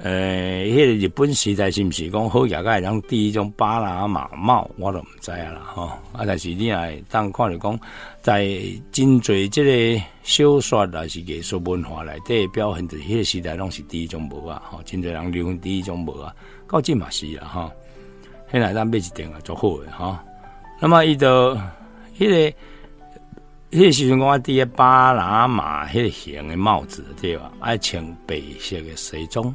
誒、欸，迄、那個日本時代是毋是講好？舉家人戴迄種巴拿馬帽，我都毋知影啦，吼啊，但是你若當看着講，在真多即個小說啊，是藝術文化內，底誒表現啲迄個時代，攏是戴迄種帽啊，吼真多人流行戴迄種帽啊，到即嘛是啊吼迄內當買一頂啊，做好嘅，吼那麼伊度，迄、那個迄、那個時陣講戴迄巴拿馬迄個型誒帽子，對吧？愛穿白色誒西裝。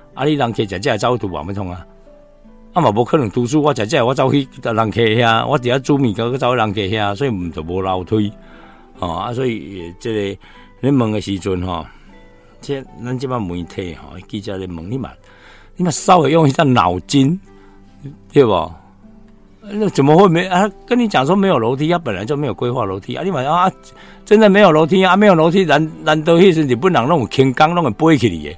阿啲樓梯就真係走去度話唔通啊家！啊，嘛，冇可能讀書，我就真係我走去搭樓梯呀！我而家做面家去走去樓客呀，所以唔就冇樓梯啊，所以即、這、裡、個、你問的時陣，哈、啊，即係咱即班媒體，哈、啊，記者嚟問你嘛，你咪稍微用一下腦筋，對吧？那怎麼會沒啊？跟你講說沒有樓梯，阿、啊、本來就沒有規劃樓梯，阿、啊、你話啊，真的沒有樓梯啊，沒有樓梯、啊、難難道意思你不能弄輕鋼，弄個背起嚟嘅。